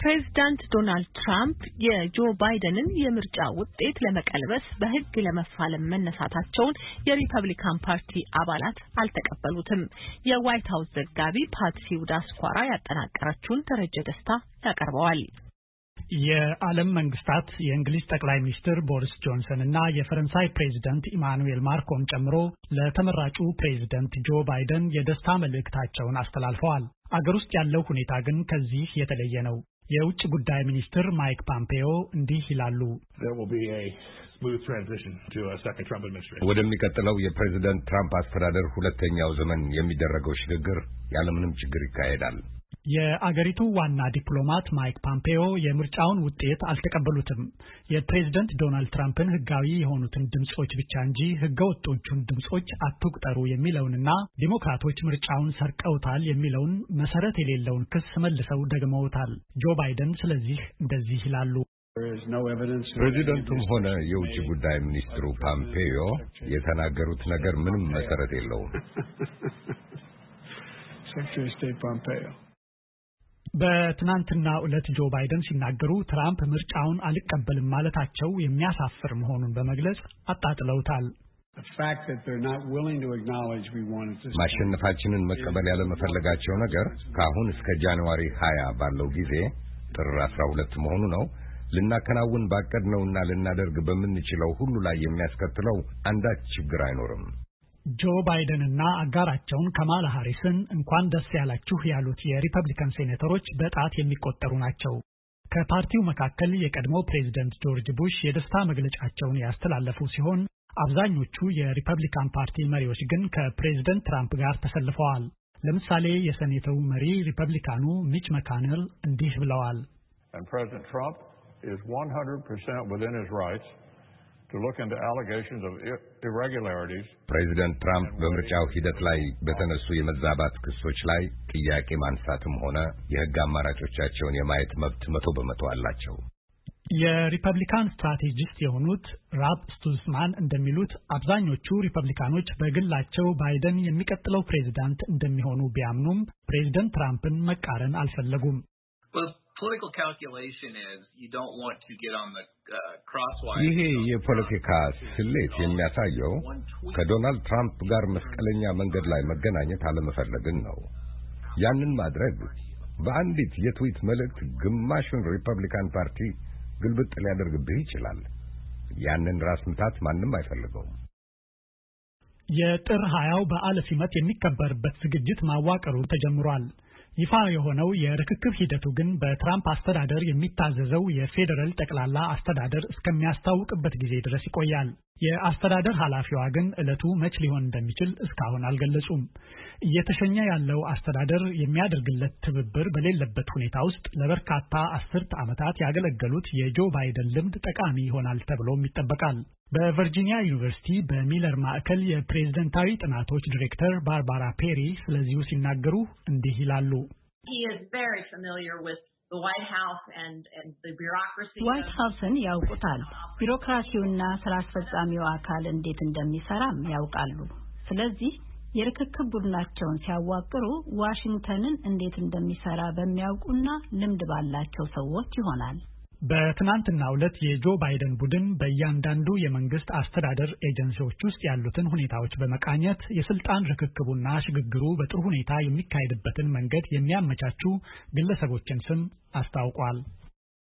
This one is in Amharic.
ፕሬዚዳንት ዶናልድ ትራምፕ የጆ ባይደንን የምርጫ ውጤት ለመቀልበስ በሕግ ለመፋለም መነሳታቸውን የሪፐብሊካን ፓርቲ አባላት አልተቀበሉትም። የዋይት ሀውስ ዘጋቢ ፓትሲ ውዳስኳራ ያጠናቀረችውን ደረጀ ደስታ ያቀርበዋል። የዓለም መንግስታት የእንግሊዝ ጠቅላይ ሚኒስትር ቦሪስ ጆንሰን እና የፈረንሳይ ፕሬዚደንት ኢማኑኤል ማርኮን ጨምሮ ለተመራጩ ፕሬዚደንት ጆ ባይደን የደስታ መልእክታቸውን አስተላልፈዋል። አገር ውስጥ ያለው ሁኔታ ግን ከዚህ የተለየ ነው። የውጭ ጉዳይ ሚኒስትር ማይክ ፖምፔዮ እንዲህ ይላሉ። uh, ወደሚቀጥለው የፕሬዚደንት ትራምፕ አስተዳደር ሁለተኛው ዘመን የሚደረገው ሽግግር ያለምንም ችግር ይካሄዳል። የአገሪቱ ዋና ዲፕሎማት ማይክ ፖምፔዮ የምርጫውን ውጤት አልተቀበሉትም። የፕሬዝደንት ዶናልድ ትራምፕን ህጋዊ የሆኑትን ድምፆች ብቻ እንጂ ህገ ወጦቹን ድምፆች አትቁጠሩ የሚለውንና ዲሞክራቶች ምርጫውን ሰርቀውታል የሚለውን መሰረት የሌለውን ክስ መልሰው ደግመውታል። ጆ ባይደን ስለዚህ እንደዚህ ይላሉ። ፕሬዚደንቱም ሆነ የውጭ ጉዳይ ሚኒስትሩ ፓምፔዮ የተናገሩት ነገር ምንም መሰረት የለውም። በትናንትና ዕለት ጆ ባይደን ሲናገሩ ትራምፕ ምርጫውን አልቀበልም ማለታቸው የሚያሳፍር መሆኑን በመግለጽ አጣጥለውታል። ማሸነፋችንን መቀበል ያለመፈለጋቸው ነገር ከአሁን እስከ ጃንዋሪ ሀያ ባለው ጊዜ ጥር አስራ ሁለት መሆኑ ነው ልናከናውን ባቀድነውና ልናደርግ በምንችለው ሁሉ ላይ የሚያስከትለው አንዳች ችግር አይኖርም። ጆ ባይደንና አጋራቸውን ከማላ ሃሪስን እንኳን ደስ ያላችሁ ያሉት የሪፐብሊካን ሴኔተሮች በጣት የሚቆጠሩ ናቸው። ከፓርቲው መካከል የቀድሞ ፕሬዚደንት ጆርጅ ቡሽ የደስታ መግለጫቸውን ያስተላለፉ ሲሆን አብዛኞቹ የሪፐብሊካን ፓርቲ መሪዎች ግን ከፕሬዚደንት ትራምፕ ጋር ተሰልፈዋል። ለምሳሌ የሴኔተሩ መሪ ሪፐብሊካኑ ሚች መካነል እንዲህ ብለዋል። ፕሬዚደንት ትራምፕ ፕሬዚደንት ትራምፕ በምርጫው ሂደት ላይ በተነሱ የመዛባት ክሶች ላይ ጥያቄ ማንሳትም ሆነ የሕግ አማራጮቻቸውን የማየት መብት መቶ በመቶ አላቸው። የሪፐብሊካን ስትራቴጂስት የሆኑት ራብ ስቱስማን እንደሚሉት አብዛኞቹ ሪፐብሊካኖች በግላቸው ባይደን የሚቀጥለው ፕሬዚዳንት እንደሚሆኑ ቢያምኑም ፕሬዚደንት ትራምፕን መቃረን አልፈለጉም። political calculation is you don't want to get on the uh, crosswise ይሄ የፖለቲካ ስሌት የሚያሳየው ከዶናልድ ትራምፕ ጋር መስቀለኛ መንገድ ላይ መገናኘት አለመፈለግን ነው። ያንን ማድረግ በአንዲት የትዊት መልእክት ግማሹን ሪፐብሊካን ፓርቲ ግልብጥ ሊያደርግብህ ይችላል። ያንን ራስ ምታት ማንም አይፈልገውም። የጥር ሀያው በዓለ ሲመት የሚከበርበት ዝግጅት ማዋቀሩ ተጀምሯል። ይፋ የሆነው የርክክብ ሂደቱ ግን በትራምፕ አስተዳደር የሚታዘዘው የፌዴራል ጠቅላላ አስተዳደር እስከሚያስታውቅበት ጊዜ ድረስ ይቆያል። የአስተዳደር ኃላፊዋ ግን ዕለቱ መች ሊሆን እንደሚችል እስካሁን አልገለጹም። እየተሸኘ ያለው አስተዳደር የሚያደርግለት ትብብር በሌለበት ሁኔታ ውስጥ ለበርካታ አስርት ዓመታት ያገለገሉት የጆ ባይደን ልምድ ጠቃሚ ይሆናል ተብሎም ይጠበቃል። በቨርጂኒያ ዩኒቨርሲቲ በሚለር ማዕከል የፕሬዝደንታዊ ጥናቶች ዲሬክተር ባርባራ ፔሪ ስለዚሁ ሲናገሩ እንዲህ ይላሉ። ዋይት ሀውስን ያውቁታል። ቢሮክራሲውና ስራ አስፈጻሚው አካል እንዴት እንደሚሰራም ያውቃሉ። ስለዚህ የርክክብ ቡድናቸውን ሲያዋቅሩ ዋሽንግተንን እንዴት እንደሚሰራ በሚያውቁና ልምድ ባላቸው ሰዎች ይሆናል። በትናንትናው ዕለት የጆ ባይደን ቡድን በእያንዳንዱ የመንግስት አስተዳደር ኤጀንሲዎች ውስጥ ያሉትን ሁኔታዎች በመቃኘት የስልጣን ርክክቡና ሽግግሩ በጥሩ ሁኔታ የሚካሄድበትን መንገድ የሚያመቻቹ ግለሰቦችን ስም አስታውቋል።